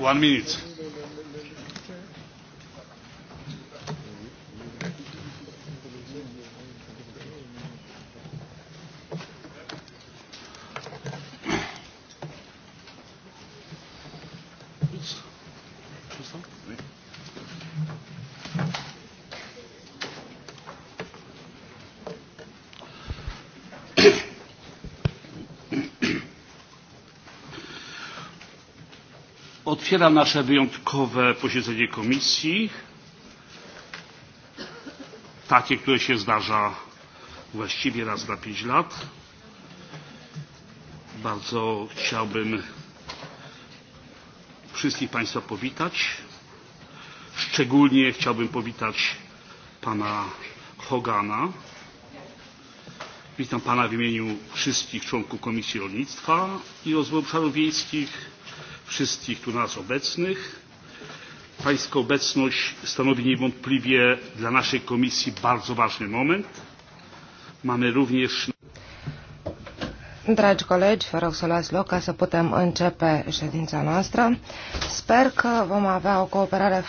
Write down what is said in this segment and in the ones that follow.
One minute. Otwieram nasze wyjątkowe posiedzenie komisji, takie, które się zdarza właściwie raz na pięć lat. Bardzo chciałbym wszystkich Państwa powitać. Szczególnie chciałbym powitać Pana Hogana. Witam Pana w imieniu wszystkich członków Komisji Rolnictwa i Rozwoju Obszarów Wiejskich wszystkich tu nas obecnych. Pańska obecność stanowi niewątpliwie dla naszej komisji bardzo ważny moment. Mamy również. Dragi colegi, vă rog să luați loc ca să putem începe ședința noastră. Sper că vom avea o cooperare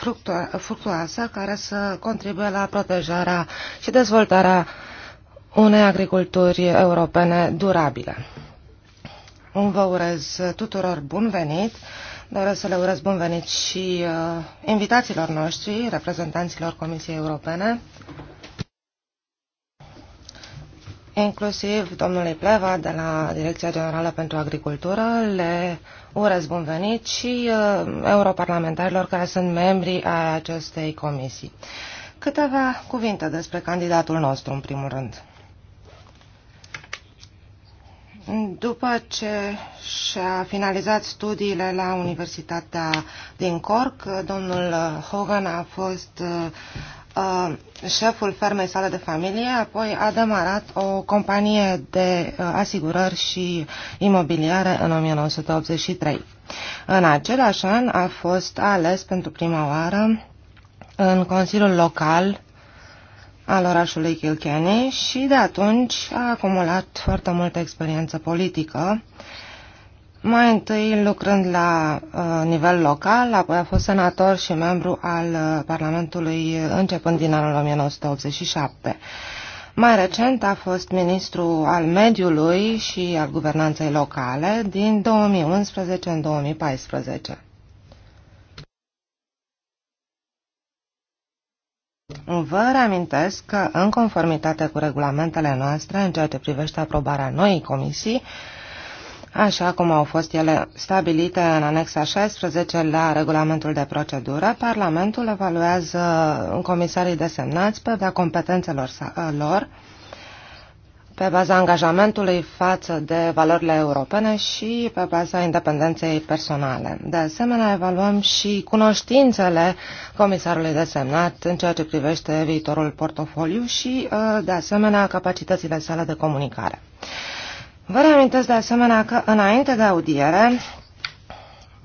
fructuoasă care să contribuie la protejarea și dezvoltarea unei agriculturi europene durabile. Vă urez tuturor bun venit. Doresc să le urez bun venit și uh, invitațiilor noștri, reprezentanților Comisiei Europene, inclusiv domnului Pleva de la Direcția Generală pentru Agricultură. Le urez bun venit și uh, europarlamentarilor care sunt membri ai acestei comisii. Câteva cuvinte despre candidatul nostru, în primul rând. După ce și-a finalizat studiile la Universitatea din Cork, domnul Hogan a fost uh, șeful fermei sale de familie, apoi a demarat o companie de uh, asigurări și imobiliare în 1983. În același an a fost ales pentru prima oară în Consiliul Local al orașului Kilkenny și de atunci a acumulat foarte multă experiență politică, mai întâi lucrând la uh, nivel local, apoi a fost senator și membru al uh, Parlamentului începând din anul 1987. Mai recent a fost ministru al mediului și al guvernanței locale din 2011 în 2014. Vă reamintesc că, în conformitate cu regulamentele noastre, în ceea ce privește aprobarea noii comisii, Așa cum au fost ele stabilite în anexa 16 la regulamentul de procedură, Parlamentul evaluează comisarii desemnați pe de competențelor lor pe baza angajamentului față de valorile europene și pe baza independenței personale. De asemenea, evaluăm și cunoștințele comisarului desemnat în ceea ce privește viitorul portofoliu și, uh, de asemenea, capacitățile sale de comunicare. Vă reamintesc de asemenea că înainte de audiere,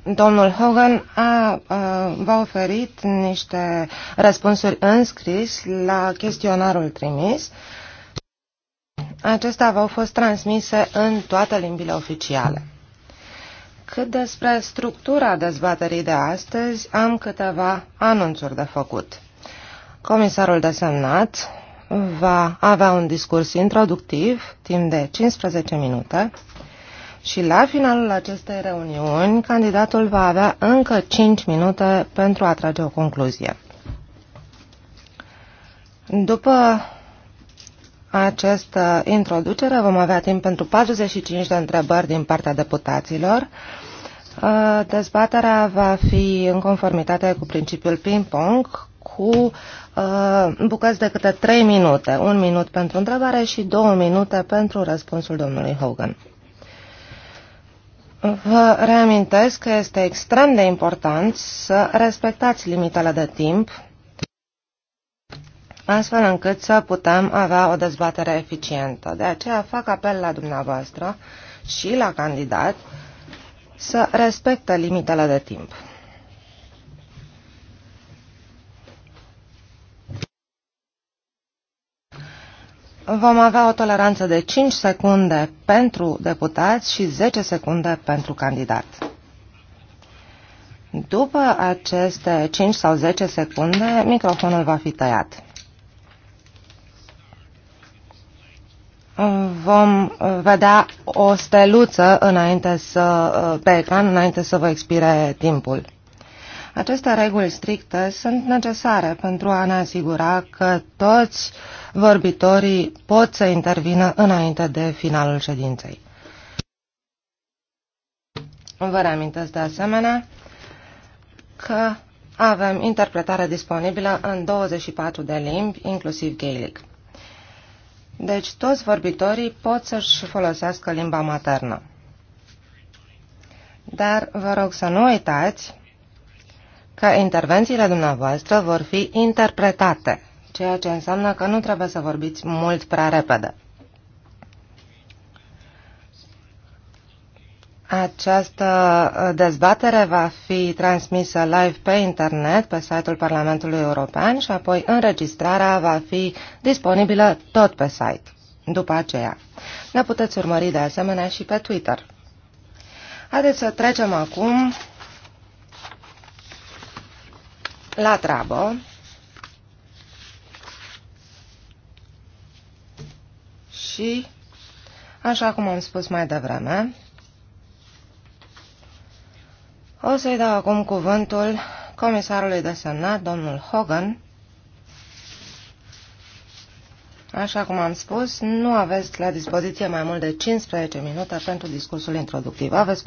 domnul Hogan a, a, uh, v-a oferit niște răspunsuri înscris la chestionarul trimis, Acestea v-au fost transmise în toate limbile oficiale. Cât despre structura dezbaterii de astăzi, am câteva anunțuri de făcut. Comisarul desemnat va avea un discurs introductiv timp de 15 minute și la finalul acestei reuniuni candidatul va avea încă 5 minute pentru a trage o concluzie. După această introducere. Vom avea timp pentru 45 de întrebări din partea deputaților. Uh, dezbaterea va fi în conformitate cu principiul ping-pong, cu uh, bucăți de câte 3 minute. Un minut pentru întrebare și două minute pentru răspunsul domnului Hogan. Vă reamintesc că este extrem de important să respectați limitele de timp astfel încât să putem avea o dezbatere eficientă. De aceea fac apel la dumneavoastră și la candidat să respecte limitele de timp. Vom avea o toleranță de 5 secunde pentru deputați și 10 secunde pentru candidat. După aceste 5 sau 10 secunde, microfonul va fi tăiat. Vom uh, vedea o steluță înainte să, uh, pe ecran înainte să vă expire timpul. Aceste reguli stricte sunt necesare pentru a ne asigura că toți vorbitorii pot să intervină înainte de finalul ședinței. Vă reamintesc de asemenea că avem interpretare disponibilă în 24 de limbi, inclusiv gaelic. Deci toți vorbitorii pot să-și folosească limba maternă. Dar vă rog să nu uitați că intervențiile dumneavoastră vor fi interpretate, ceea ce înseamnă că nu trebuie să vorbiți mult prea repede. Această uh, dezbatere va fi transmisă live pe internet pe site-ul Parlamentului European și apoi înregistrarea va fi disponibilă tot pe site după aceea. Ne puteți urmări de asemenea și pe Twitter. Haideți să trecem acum la treabă. Și, așa cum am spus mai devreme, o să-i dau acum cuvântul comisarului de senat, domnul Hogan. Așa cum am spus, nu aveți la dispoziție mai mult de 15 minute pentru discursul introductiv. Aveți